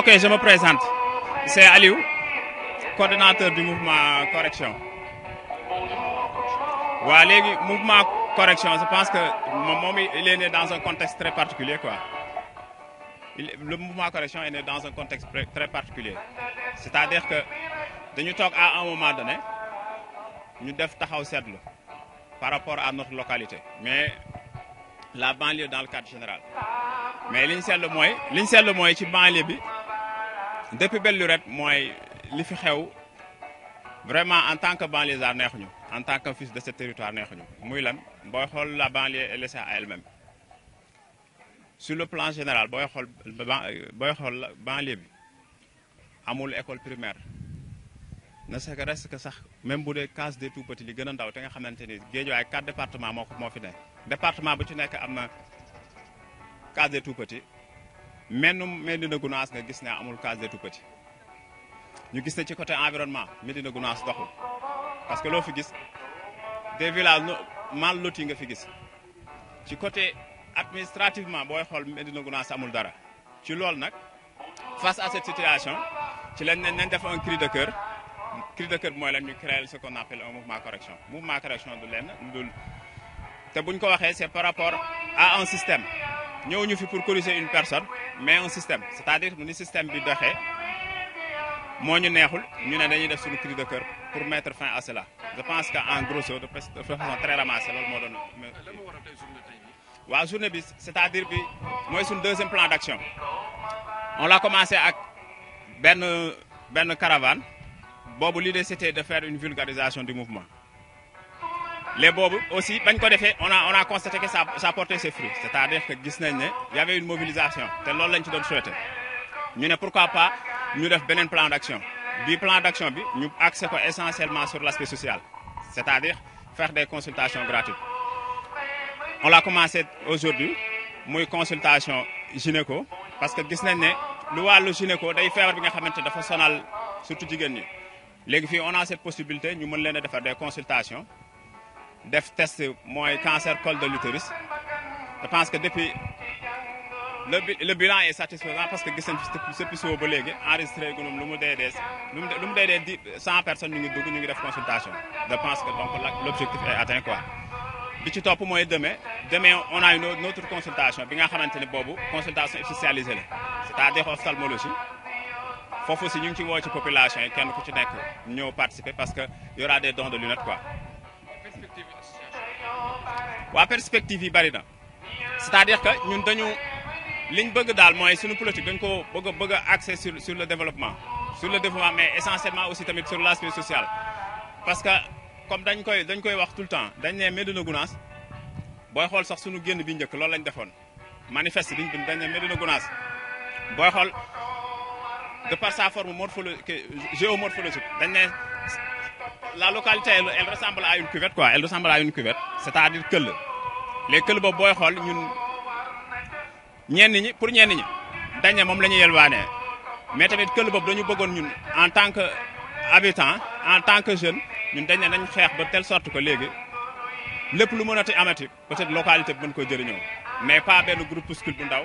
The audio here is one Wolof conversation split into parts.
Ok, je me présente. C'est Aliou, coordonnateur du mouvement Correction. Oui, le mouvement Correction, je pense que mon moment, il est né dans un contexte très particulier. Quoi. le mouvement Correction est né dans un contexte très particulier. C'est-à-dire que nous à un moment donné, nous devons faire par rapport à notre localité. Mais la banlieue dans le cadre général. Mais l'INSEL le moyen, l'INSEL le moyen, c'est banlieue depuis belle lurette moi, li fi xew vraiment en tant que banlieusard neexuñu en tant que fils de ce territoire neexuñu muy lan boy xol la banlieue est à elle-même sur le plan général boy xol boy xol banlieue bi amul école primaire ne ce que reste que sax même bu dee case des tout petits li gëna ndaw té nga xamanténi ni Guédiawaye quatre département moko ko moo fi département bu ci nek amna na case des tout petits menn Médina Gounass nga gis ne amul cas des tout-petits ñu gis ne ci côté environnement Médina Gounass doxul parce que loo fi gis des villages mal lotis nga fi gis ci côté administrativement booy xool Médina Gounass amul dara ci loolu nag face à cette situation ci lañ ne def un cri de cœur cri de cœur mooy lan ñu créer ce qu'on appelle un mouvement correction mouvement correction du lenn dul te buñ ko waxee c'est par rapport à un système nous sommes fi pour corriger une personne mais un système c'est-à-dire le système bi doxee nous ñu nous ñu ne dañuy def suñu cri de cœur pour mettre fin à cela je pense qu'en gros, c'est très ramassé. c'est-à-dire que nous avons un deuxième plan d'action on l'a commencé avec une caravane l'idée c'était de faire une vulgarisation du mouvement les bobos aussi on a on a constaté que ça ça portait ses fruits c'est-à-dire que il nañ y avait une mobilisation C'est loolu que ci doon souhaité ñu pourquoi pas ñu def un plan d'action bi plan d'action nous ñu essentiellement sur l'aspect social c'est-à-dire faire des consultations gratuites on l'a commencé aujourd'hui une consultation gynéco parce que gis nañ ne lu gynéco day feebar bi nga dafa surtout les on a cette possibilité nous avons leen faire des consultations def test moy cancer col de l'utérus je pense que depuis le le bilan est satisfaisant parce que gis nañ ce CEPICO ba légui enregistré gunum lu mu dee dee lu lu mu personnes ñu ngi dugg ñu ngi def consultation je pense que donc l'objectif est atteint quoi. bi ci top moy demain demain on a une autre consultation bi nga xamanteni bobu consultation spécialisée la c'est-à-dire ophtalmologie fofu aussi ñu ngi ci woo ci population yi kenn ku ci nekk ñeu participer parce que y aura des dons de lunettes quoi la perspective yi c'est-à-dire que nous dañu liñ bëgg dal politique dañ ko bëgg bëgg sur le développement sur le développement mais essentiellement aussi tamit sur l'aspect social parce que comme dañ koy dañ koy tout le temps dañ que Médina boy sax suñu bi lañ defoon manifeste dañ de par sa forme morphologique géomorphologique dañ la localité elle, ressemble à une cuvette quoi elle ressemble à une cuvette c'est-à-dire le les këll boobu booy xool ñun ñenn pour ñenn ñi dañ ne moom la nous mais tamit këll boobu dañu bëggoon ñun en tant que habitant en tant que jeunes, ñun dañ ne nañ de ba telle sorte que les lépp lu mënati amati peut-être localité bi mën ko jëriñoo mais pas benn groupuscule bu ndaw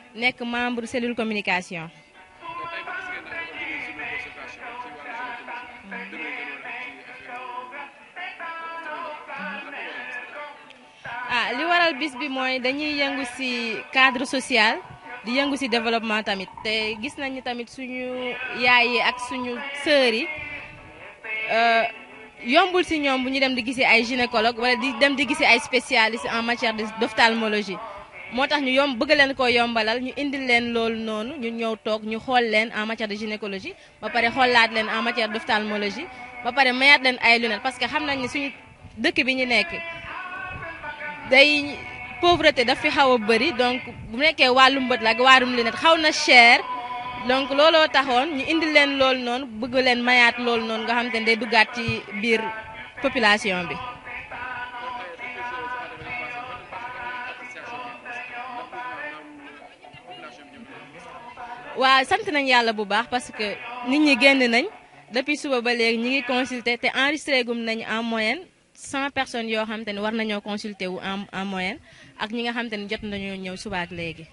nekk membre cellule communication. ah li waral bis bi mooy dañuy yëngu ci cadre social di yëngu ci développement tamit te gis nañu tamit suñu yaay yi ak suñu sœurs yi euh, yombul ci ñoom bu ñu dem di gisi ay gynécologue wala di dem di gisi ay spécialiste en matière d'ophtalmologie moo tax ñu yomb bëgg leen koo yombalal ñu indil leen loolu noonu ñu ñëw toog ñu xool leen en matière de gynécologie ba pare xoolaat leen en matière d'ophtalmologie ba pare mayaat leen ay lunettes parce que xam nañ ni suñu dëkk bi ñu nekk day pauvreté daf fi xaw a bëri donc bu nekkee wàllum bët la ak wàllum lunette xaw na cher. donc looloo taxoon ñu indi leen loolu noonu bëgg leen mayaat loolu noonu nga xam te ne day duggaat ci biir population bi. waaw sant nañ yàlla bu baax parce que nit ñi génn nañ depuis suba ba léegi ñi ngi consulter te enregistré gum nañ en moyenne cent personnes yoo xam te ne war nañoo consulter wu en en moyenne ak ñi nga xam te ne jot nañoo ñëw suba ak léegi.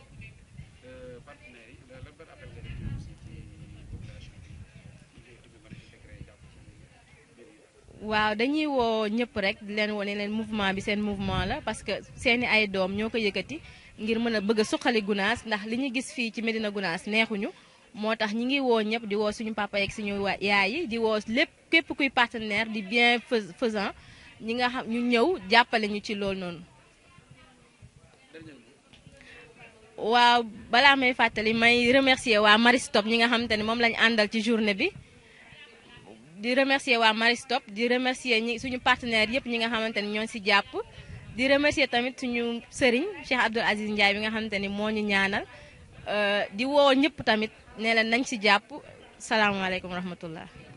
waaw dañuy woo ñëpp rek di leen wane leen mouvement bi seen mouvement la parce que seeni ay doom ñoo ko yëkkati ngir mën a bëgg a suqali Gunaas ndax li ñu gis fii ci Medina Gunaas neexuñu moo tax ñi ngi woo ñëpp di woo suñu papa yeeg suñu yaay yi di woo lépp képp kuy partenaire di bien faisant ñi nga xam ñu ñëw jàppale ñu ci loolu noonu. waaw balaa may fàttali may remercier waa Maristop ñi nga xamante ne moom lañu àndal ci journée bi. di remercier waa Maristop di remercier ñi suñu partenaire yëpp ñi nga xamante ni ñoo si jàpp di remercier tamit suñu sëriñ Cheikh Abdoul Aziz Ndiaye bi nga xamante ni moo ñu ñaanal euh, di woo ñëpp tamit ne leen nañ si jàpp salaamaaleykum wa rahmatullah